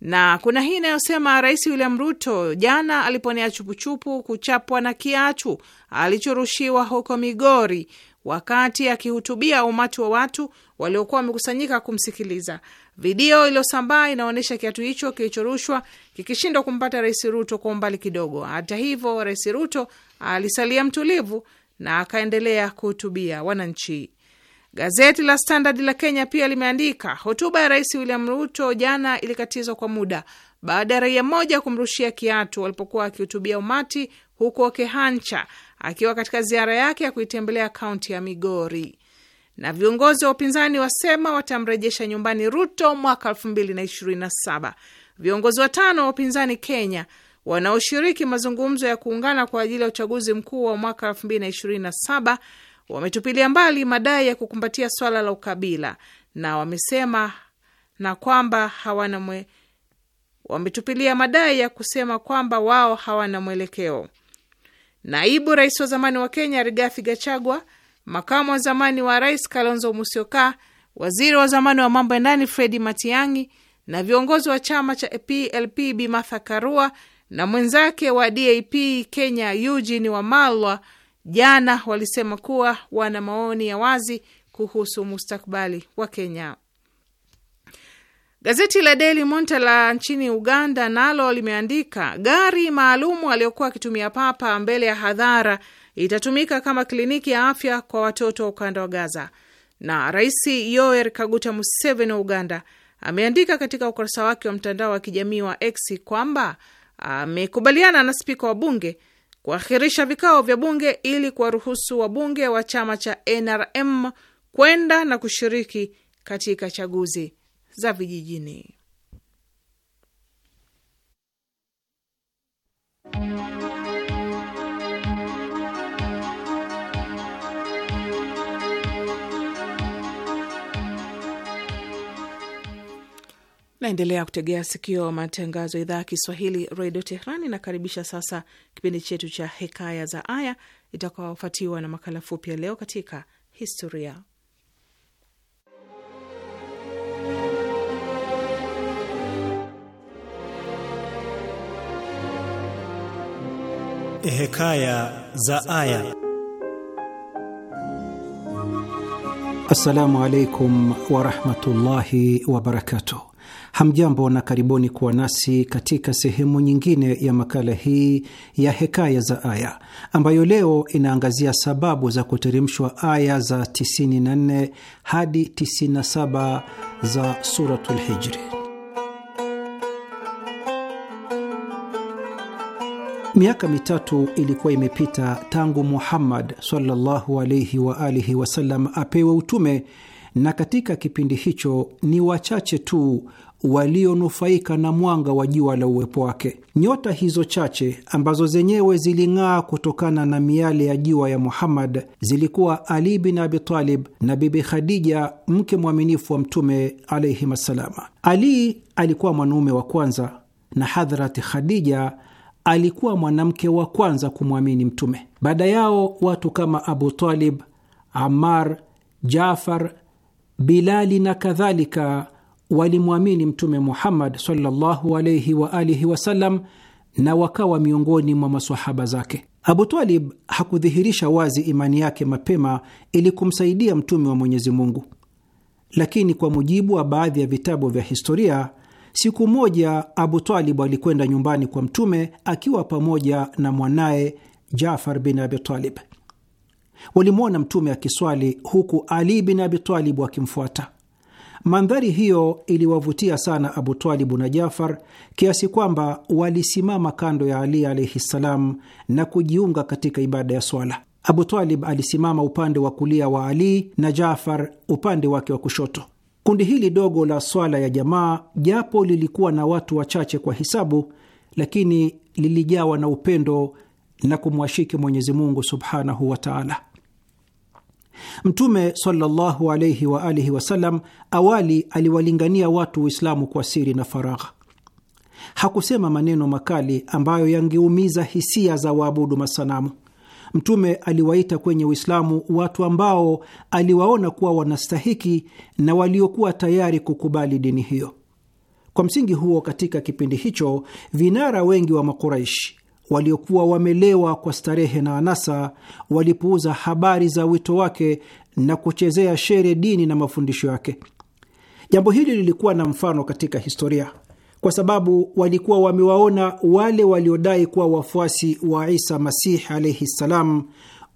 Na kuna hii inayosema Rais William Ruto jana aliponea chupuchupu kuchapwa na kiatu alichorushiwa huko Migori wakati akihutubia umati wa watu waliokuwa wamekusanyika kumsikiliza. Video iliyosambaa inaonyesha kiatu hicho kilichorushwa kikishindwa kumpata Rais Ruto kwa umbali kidogo. Hata hivyo, Rais Ruto alisalia mtulivu na akaendelea kuhutubia wananchi. Gazeti la Standard la Kenya pia limeandika hotuba ya Rais William Ruto jana ilikatizwa kwa muda baada ya raia mmoja kumrushia kiatu walipokuwa akihutubia umati huko Kehancha, akiwa katika ziara yake ya kuitembelea kaunti ya Migori. Na viongozi wa upinzani wasema watamrejesha nyumbani Ruto mwaka 2027. Viongozi watano wa upinzani Kenya wanaoshiriki mazungumzo ya kuungana kwa ajili ya uchaguzi mkuu wa mwaka 2027 wametupilia mbali madai ya kukumbatia swala la ukabila na wamesema na kwamba hawana mwe, wametupilia madai ya kusema kwamba wao hawana mwelekeo naibu rais wa zamani wa Kenya Rigathi Gachagua, makamu wa zamani wa rais Kalonzo Musyoka, waziri wa zamani wa mambo ya ndani Fredi Matiang'i na viongozi wa chama cha PLP Bi Martha Karua na mwenzake wa DAP Kenya Eugene Wamalwa jana walisema kuwa wana maoni ya wazi kuhusu mustakbali wa Kenya. Gazeti la Daily Monitor la nchini Uganda nalo limeandika gari maalumu aliyokuwa akitumia Papa mbele ya hadhara itatumika kama kliniki ya afya kwa watoto wa ukanda wa Gaza. Na Rais Yoweri Kaguta Museveni wa Uganda ameandika katika ukurasa wake wa mtandao wa kijamii wa X kwamba amekubaliana na spika wa bunge kuahirisha vikao vya bunge ili kuwaruhusu wabunge wa chama cha NRM kwenda na kushiriki katika chaguzi za vijijini. Naendelea kutegea sikio matangazo ya idhaa ya Kiswahili redio Tehrani. Inakaribisha sasa kipindi chetu cha Hekaya za Aya itakaofuatiwa na makala fupi ya Leo katika Historia. Hekaya za Aya. Assalamu alaikum warahmatullahi wabarakatuh. Hamjambo na karibuni kuwa nasi katika sehemu nyingine ya makala hii ya Hekaya za Aya ambayo leo inaangazia sababu za kuteremshwa aya za 94 hadi 97 za Suratul Hijri. Miaka mitatu ilikuwa imepita tangu Muhammad sallallahu alaihi wa alihi wasallam apewe utume, na katika kipindi hicho ni wachache tu walionufaika na mwanga wa jua la uwepo wake. Nyota hizo chache ambazo zenyewe ziling'aa kutokana na miale ya jua ya Muhammad zilikuwa Ali bin Abi Talib na Bibi Khadija, mke mwaminifu wa Mtume alaihim assalama. Ali alikuwa mwanaume wa kwanza na Hadhrati Khadija alikuwa mwanamke wa kwanza kumwamini Mtume. Baada yao watu kama Abu Talib, Ammar, Jafar, Bilali na kadhalika walimwamini Mtume Muhammad sallallahu alayhi wa alihi wasallam na wakawa miongoni mwa masahaba zake. Abu Talib hakudhihirisha wazi imani yake mapema ili kumsaidia Mtume wa Mwenyezi Mungu, lakini kwa mujibu wa baadhi ya vitabu vya historia Siku moja Abu Talib alikwenda nyumbani kwa Mtume akiwa pamoja na mwanaye Jafar bin Abitalib. Walimwona Mtume akiswali huku Ali bin Abitalibu akimfuata. Mandhari hiyo iliwavutia sana Abu Talibu na Jafar kiasi kwamba walisimama kando ya Ali alaihi ssalam na kujiunga katika ibada ya swala. Abu Talib alisimama upande wa kulia wa Ali na Jafar upande wake wa kushoto. Kundi hili dogo la swala ya jamaa, japo lilikuwa na watu wachache kwa hisabu, lakini lilijawa na upendo na kumwashiki Mwenyezi Mungu subhanahu wa taala. Mtume sallallahu wa alihi wasallam awali aliwalingania watu Uislamu kwa siri na faragha. Hakusema maneno makali ambayo yangeumiza hisia za waabudu masanamu. Mtume aliwaita kwenye Uislamu watu ambao aliwaona kuwa wanastahiki na waliokuwa tayari kukubali dini hiyo. Kwa msingi huo, katika kipindi hicho vinara wengi wa Makuraishi waliokuwa wamelewa kwa starehe na anasa walipuuza habari za wito wake na kuchezea shere dini na mafundisho yake. Jambo hili lilikuwa na mfano katika historia kwa sababu walikuwa wamewaona wale waliodai kuwa wafuasi wa Isa Masih alaihi ssalam,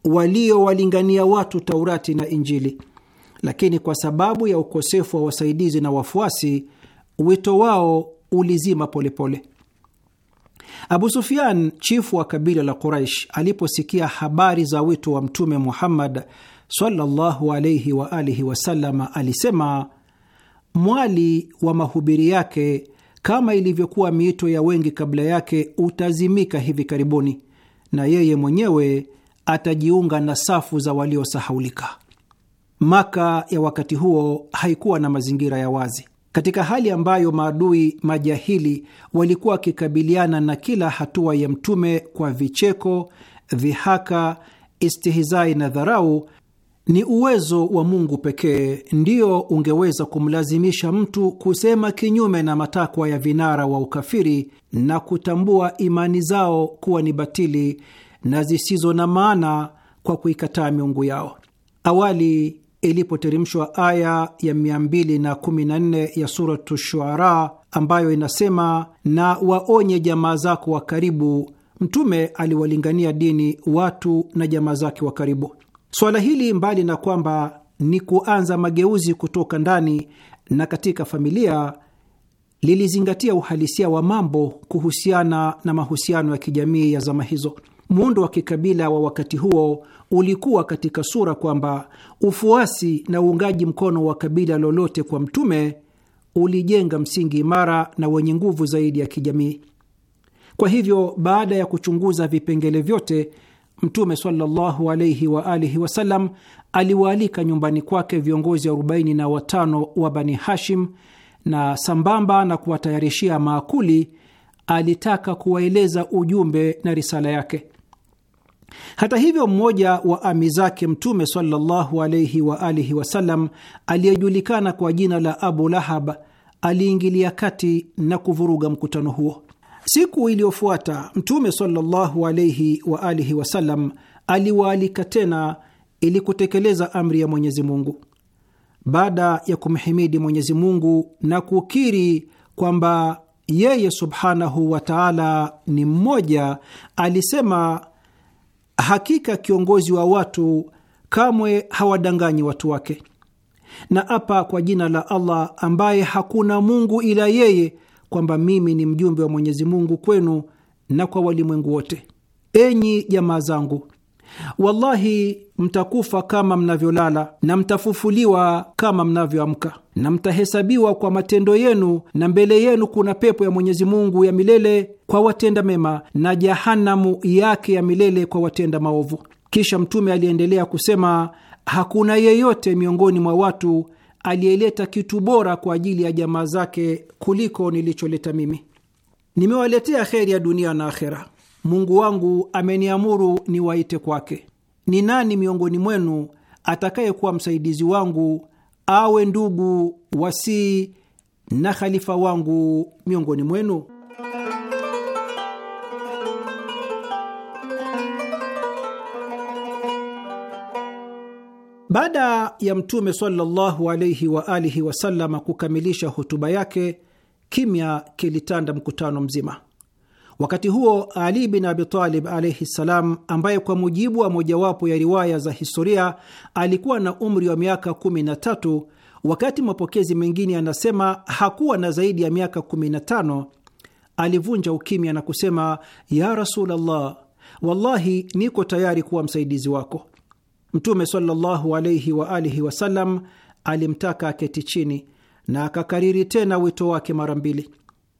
waliowalingania watu Taurati na Injili, lakini kwa sababu ya ukosefu wa wasaidizi na wafuasi, wito wao ulizima polepole pole. Abu Sufyan, chifu wa kabila la Quraish, aliposikia habari za wito wa Mtume Muhammad sallallahu alaihi wa alihi wasallam, alisema mwali wa mahubiri yake kama ilivyokuwa miito ya wengi kabla yake, utazimika hivi karibuni na yeye mwenyewe atajiunga na safu za waliosahaulika. Maka ya wakati huo haikuwa na mazingira ya wazi, katika hali ambayo maadui majahili walikuwa wakikabiliana na kila hatua ya Mtume kwa vicheko, vihaka, istihizai na dharau. Ni uwezo wa Mungu pekee ndio ungeweza kumlazimisha mtu kusema kinyume na matakwa ya vinara wa ukafiri na kutambua imani zao kuwa ni batili na zisizo na maana kwa kuikataa miungu yao. Awali ilipoteremshwa aya ya 214 ya Suratu Shuara ambayo inasema, na waonye jamaa zako wa karibu, Mtume aliwalingania dini watu na jamaa zake wa karibu. Suala hili mbali na kwamba ni kuanza mageuzi kutoka ndani na katika familia, lilizingatia uhalisia wa mambo kuhusiana na mahusiano ya kijamii ya zama hizo. Muundo wa kikabila wa wakati huo ulikuwa katika sura kwamba ufuasi na uungaji mkono wa kabila lolote kwa mtume ulijenga msingi imara na wenye nguvu zaidi ya kijamii. Kwa hivyo, baada ya kuchunguza vipengele vyote, Mtume sallallahu wa alihi wasallam aliwaalika nyumbani kwake viongozi 45 wa Bani Hashim, na sambamba na kuwatayarishia maakuli alitaka kuwaeleza ujumbe na risala yake. Hata hivyo, mmoja wa ami zake Mtume sallallahu wa alihi wasallam aliyejulikana kwa jina la Abu Lahab aliingilia kati na kuvuruga mkutano huo. Siku iliyofuata Mtume sallallahu alaihi wa alihi wasallam aliwaalika tena ili kutekeleza amri ya Mwenyezi Mungu. Baada ya kumhimidi Mwenyezi Mungu na kukiri kwamba yeye subhanahu wa taala ni mmoja, alisema hakika kiongozi wa watu kamwe hawadanganyi watu wake, na apa kwa jina la Allah ambaye hakuna Mungu ila yeye kwamba mimi ni mjumbe wa Mwenyezi Mungu kwenu na kwa walimwengu wote. Enyi jamaa zangu, wallahi mtakufa kama mnavyolala na mtafufuliwa kama mnavyoamka, na mtahesabiwa kwa matendo yenu, na mbele yenu kuna pepo ya Mwenyezi Mungu ya milele kwa watenda mema na jahanamu yake ya milele kwa watenda maovu. Kisha Mtume aliendelea kusema, hakuna yeyote miongoni mwa watu aliyeleta kitu bora kwa ajili ya jamaa zake kuliko nilicholeta mimi. Nimewaletea kheri ya dunia na akhera. Mungu wangu ameniamuru niwaite kwake. Ni nani miongoni mwenu atakayekuwa msaidizi wangu, awe ndugu wasii na khalifa wangu miongoni mwenu? Baada ya Mtume sallallahu alaihi wa alihi wasallam kukamilisha hotuba yake, kimya kilitanda mkutano mzima. Wakati huo Ali bin Abitalib alaihi ssalam, ambaye kwa mujibu wa mojawapo ya riwaya za historia alikuwa na umri wa miaka 13, wakati mapokezi mengine anasema hakuwa na zaidi ya miaka 15, alivunja ukimya na kusema: ya rasulllah wallahi niko tayari kuwa msaidizi wako Mtume sallallahu alaihi wa alihi wasallam alimtaka aketi chini na akakariri tena wito wake mara mbili.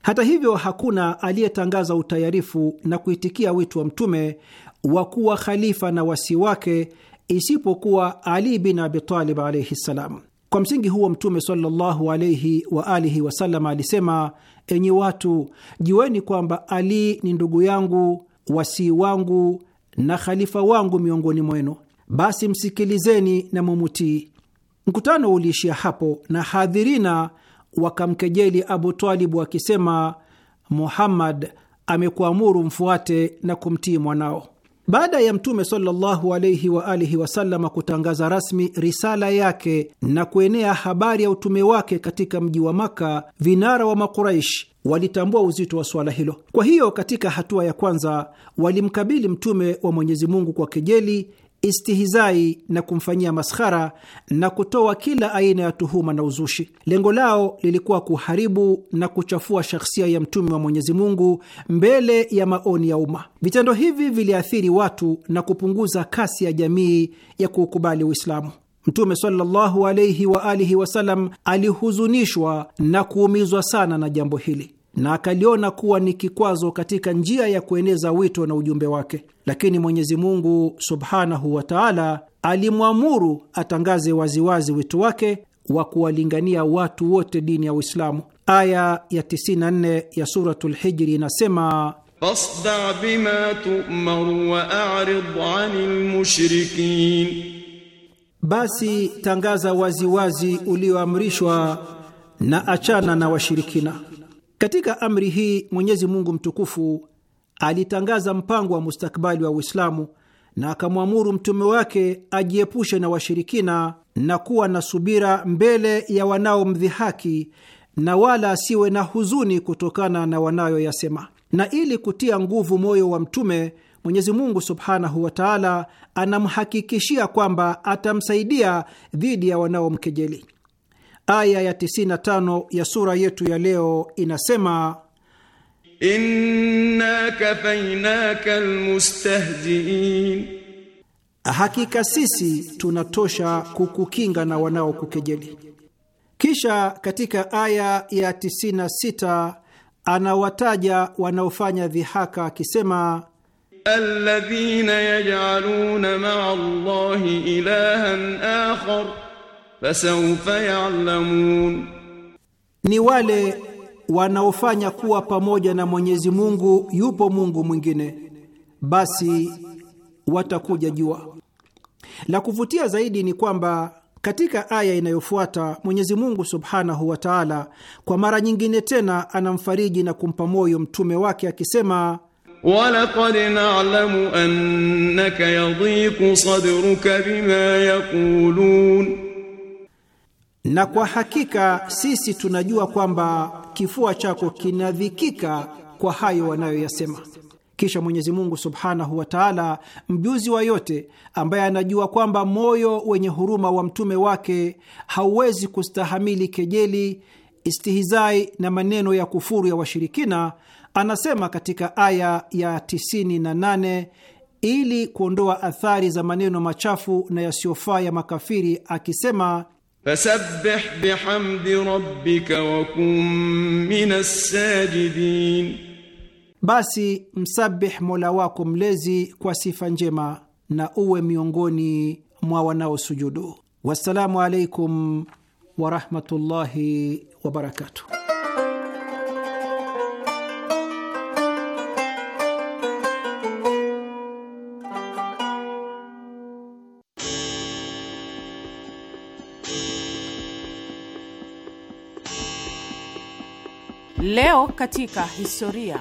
Hata hivyo, hakuna aliyetangaza utayarifu na kuitikia wito wa Mtume wa kuwa khalifa na wasi wake isipokuwa Ali bin Abitalib alaihi ssalam. Kwa msingi huo Mtume sallallahu alaihi wa alihi wasallam alisema: enyi watu, jiweni kwamba Ali ni ndugu yangu, wasii wangu na khalifa wangu miongoni mwenu basi msikilizeni na mumutii. Mkutano uliishia hapo na hadhirina wakamkejeli Abu Talibu akisema, Muhammad amekuamuru mfuate na kumtii mwanao. Baada ya Mtume sallallahu alaihi wa alihi kutangaza rasmi risala yake na kuenea habari ya utume wake katika mji wa Maka, vinara wa Makuraish walitambua uzito wa suala hilo. Kwa hiyo, katika hatua ya kwanza walimkabili Mtume wa Mwenyezi Mungu kwa kejeli istihizai na kumfanyia maskhara na kutoa kila aina ya tuhuma na uzushi. Lengo lao lilikuwa kuharibu na kuchafua shakhsia ya mtume wa Mwenyezi Mungu mbele ya maoni ya umma. Vitendo hivi viliathiri watu na kupunguza kasi ya jamii ya kuukubali Uislamu. Mtume sallallahu alaihi wa alihi wasallam alihuzunishwa na kuumizwa sana na jambo hili na akaliona kuwa ni kikwazo katika njia ya kueneza wito na ujumbe wake, lakini Mwenyezi Mungu subhanahu wa taala alimwamuru atangaze waziwazi wito wake wa kuwalingania watu wote dini ya Uislamu. Aya ya 94 ya Suratul Hijri inasema fasda bima tumaru wa arid anil mushrikin, basi tangaza waziwazi ulioamrishwa na achana na washirikina katika amri hii Mwenyezi Mungu mtukufu alitangaza mpango wa mustakbali wa Uislamu na akamwamuru mtume wake ajiepushe na washirikina na kuwa na subira mbele ya wanaomdhihaki na wala asiwe na huzuni kutokana na wanayoyasema. Na ili kutia nguvu moyo wa mtume, Mwenyezi Mungu subhanahu wa taala anamhakikishia kwamba atamsaidia dhidi ya wanaomkejeli. Aya ya 95 ya sura yetu ya leo inasema inna kafainaka almustahziin, hakika sisi tunatosha kukukinga na wanaokukejeli. Kisha katika aya ya 96 anawataja wanaofanya dhihaka akisema alladhina yaj'aluna ma'a Allahi ilahan akhar fasawfa ya'lamun, ni wale wanaofanya kuwa pamoja na Mwenyezi Mungu yupo Mungu mwingine, basi watakuja jua. La kuvutia zaidi ni kwamba katika aya inayofuata Mwenyezi Mungu subhanahu wa taala kwa mara nyingine tena anamfariji na kumpa moyo mtume wake akisema, walaqad na'lamu annaka yadhiqu sadruka bima yaqulun na kwa hakika sisi tunajua kwamba kifua chako kinadhikika kwa hayo wanayoyasema. Kisha Mwenyezi Mungu subhanahu wa taala, mjuzi wa yote, ambaye anajua kwamba moyo wenye huruma wa mtume wake hauwezi kustahamili kejeli, istihizai na maneno ya kufuru ya washirikina, anasema katika aya ya 98 na ili kuondoa athari za maneno machafu na yasiyofaa ya makafiri, akisema فسبح bihamdi rabbika wa kun minas sajidin, basi msabih Mola wako mlezi kwa sifa njema na uwe miongoni mwa wanaosujudu. Wassalamu alaikum warahmatullahi wabarakatuh. Leo katika historia.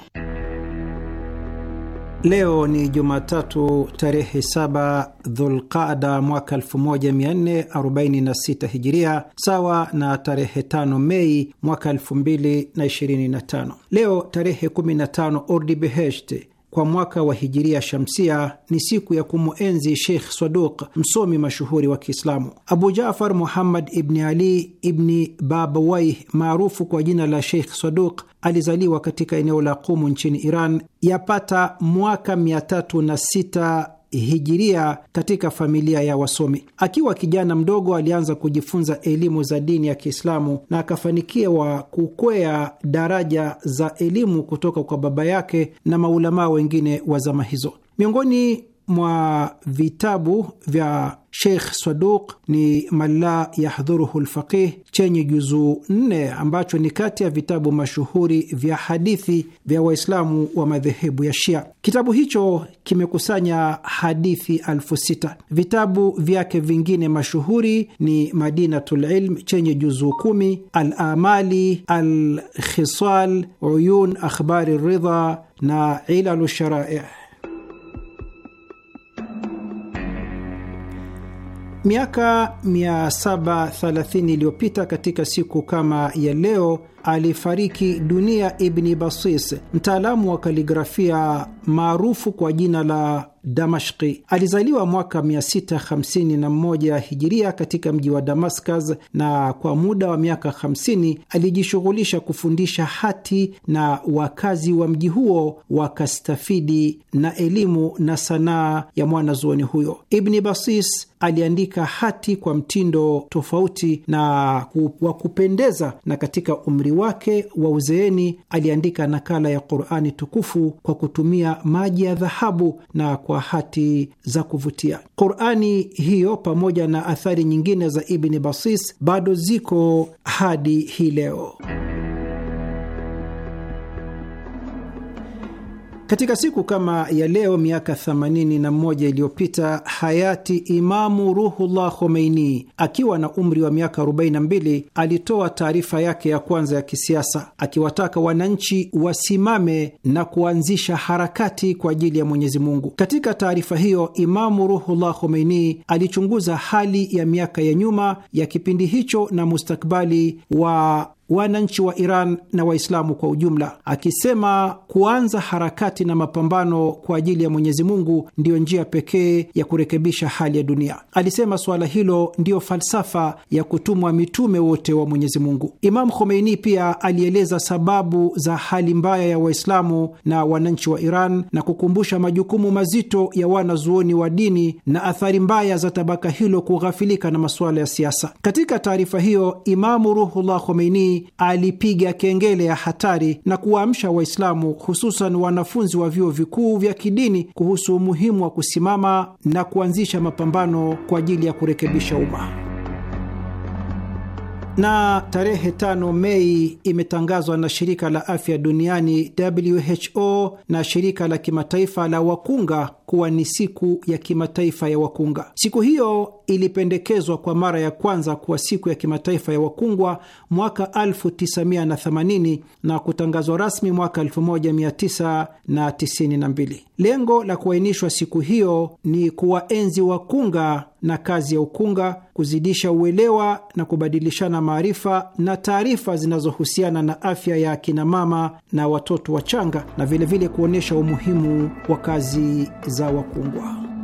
Leo ni Jumatatu tarehe 7 Dhulqada mwaka 1446 Hijiria, sawa na tarehe 5 Mei mwaka 2025. Leo tarehe 15 Ordibehesht kwa mwaka wa hijiria shamsia ni siku ya kumwenzi Sheikh Saduq, msomi mashuhuri wa Kiislamu. Abu Jafar Muhammad ibni Ali ibni babawai maarufu kwa jina la Sheikh Saduq alizaliwa katika eneo la Qumu nchini Iran yapata mwaka 306 hijiria katika familia ya wasomi. Akiwa kijana mdogo, alianza kujifunza elimu za dini ya Kiislamu na akafanikiwa kukwea daraja za elimu kutoka kwa baba yake na maulamaa wengine wa zama hizo. Miongoni mwa vitabu vya Sheikh Saduq ni Malla Yahdhuruhu Lfaqih chenye juzuu nne ambacho ni kati ya vitabu mashuhuri vya hadithi vya Waislamu wa madhehebu ya Shia. Kitabu hicho kimekusanya hadithi alfu sita. Vitabu vyake vingine mashuhuri ni Madinatu Lilm chenye juzuu kumi, Alamali, Alkhisal, Uyun Akhbari Ridha na Ilalu Sharai. Miaka 730 iliyopita katika siku kama ya leo alifariki dunia Ibni Basis, mtaalamu wa kaligrafia maarufu kwa jina la Damashki. Alizaliwa mwaka 651 hijiria katika mji wa Damascus, na kwa muda wa miaka 50 alijishughulisha kufundisha hati, na wakazi wa mji huo wakastafidi na elimu na sanaa ya mwanazuoni huyo Ibni Basis aliandika hati kwa mtindo tofauti na wa kupendeza, na katika umri wake wa uzeeni aliandika nakala ya Qurani tukufu kwa kutumia maji ya dhahabu na kwa hati za kuvutia. Qurani hiyo pamoja na athari nyingine za Ibni Basis bado ziko hadi hii leo. Katika siku kama ya leo miaka 81 iliyopita hayati Imamu Ruhullah Khomeini akiwa na umri wa miaka 42 alitoa taarifa yake ya kwanza ya kisiasa akiwataka wananchi wasimame na kuanzisha harakati kwa ajili ya Mwenyezi Mungu. Katika taarifa hiyo, Imamu Ruhullah Khomeini alichunguza hali ya miaka ya nyuma ya kipindi hicho na mustakbali wa wananchi wa Iran na Waislamu kwa ujumla, akisema kuanza harakati na mapambano kwa ajili ya Mwenyezi Mungu ndiyo njia pekee ya kurekebisha hali ya dunia. Alisema suala hilo ndiyo falsafa ya kutumwa mitume wote wa Mwenyezi Mungu. Imam Khomeini pia alieleza sababu za hali mbaya ya Waislamu na wananchi wa Iran na kukumbusha majukumu mazito ya wanazuoni wa dini na athari mbaya za tabaka hilo kughafilika na masuala ya siasa. Katika taarifa hiyo, Imamu Ruhullah Khomeini alipiga kengele ya hatari na kuwaamsha Waislamu, hususan wanafunzi wa vyuo vikuu vya kidini kuhusu umuhimu wa kusimama na kuanzisha mapambano kwa ajili ya kurekebisha umma. Na tarehe tano Mei imetangazwa na shirika la afya duniani WHO na shirika la kimataifa la wakunga kuwa ni siku ya kimataifa ya wakunga. Siku hiyo ilipendekezwa kwa mara ya kwanza kuwa siku ya kimataifa ya wakungwa mwaka 1980 na kutangazwa rasmi mwaka 1992. Lengo la kuainishwa siku hiyo ni kuwaenzi wakunga na kazi ya ukunga, kuzidisha uelewa na kubadilishana maarifa na taarifa zinazohusiana na afya ya akinamama na watoto wachanga, na vilevile kuonyesha umuhimu wa kazi za wakungwa.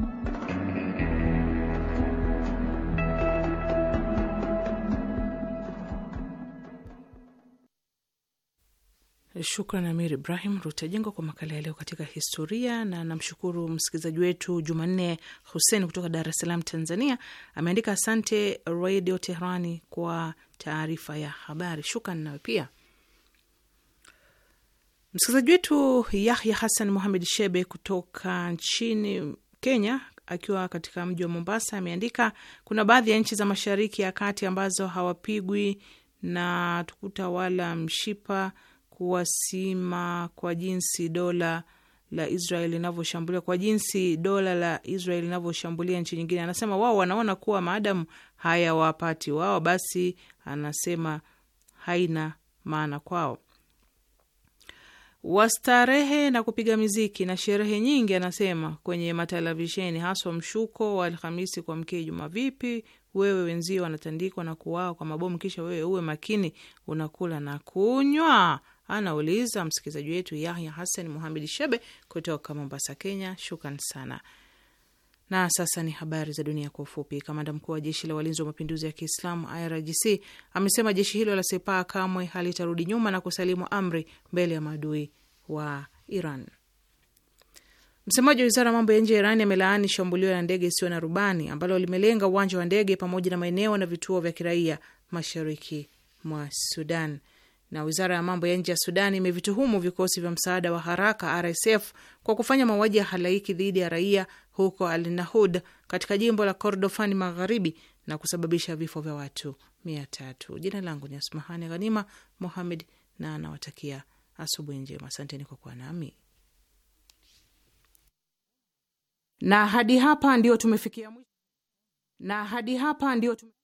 Shukran Amir Ibrahim Rutajengwa kwa makala ya leo katika historia, na namshukuru msikilizaji wetu Jumanne Hussein kutoka Dar es Salaam, Tanzania. Ameandika asante Radio tehrani kwa taarifa ya habari. Shukran nawe pia msikilizaji wetu Yahya Hassan Muhamed Shebe kutoka nchini Kenya akiwa katika mji wa Mombasa ameandika kuna baadhi ya nchi za Mashariki ya Kati ambazo hawapigwi na tukuta wala mshipa kuwasima kwa jinsi dola la Israel linavyoshambulia kwa jinsi dola la Israel linavyoshambulia nchi nyingine. Anasema wao wanaona kuwa maadamu hayawapati wao, basi anasema haina maana kwao. Wastarehe na kupiga miziki na sherehe nyingi, anasema kwenye matelevisheni, haswa mshuko wa Alhamisi kwa mkee Juma. Vipi wewe wenzio wanatandikwa na kuwao kwa mabomu, kisha wewe uwe makini, unakula na kunywa anauliza msikilizaji wetu Yahya Hassan Muhamed Shebe kutoka Mombasa, Kenya. Shukran sana. Na sasa ni habari za dunia kwa ufupi. Kamanda mkuu wa jeshi la walinzi wa mapinduzi ya Kiislamu IRGC amesema jeshi hilo la Sepaa kamwe halitarudi nyuma na kusalimu amri mbele ya maadui wa Iran. Msemaji wa wizara ya mambo ya nje ya Irani amelaani shambulio la ndege isiyo na rubani ambalo limelenga uwanja wa ndege pamoja na maeneo na vituo vya kiraia mashariki mwa Sudan na wizara ya mambo ya nje ya Sudan imevituhumu vikosi vya msaada wa haraka RSF kwa kufanya mauaji ya halaiki dhidi ya raia huko Al Nahud katika jimbo la Kordofani Magharibi na kusababisha vifo vya watu mia tatu. Jina langu ni Asmahani Ghanima Mohamed na anawatakia asubuhi njema. Asanteni kwa kuwa nami na hadi hapa ndio tumefikia mwisho. Na hadi hapa ndio tumefikia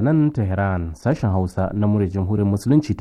daga nan Tehran sashen Hausa na murya Jamhuriyar Musulunci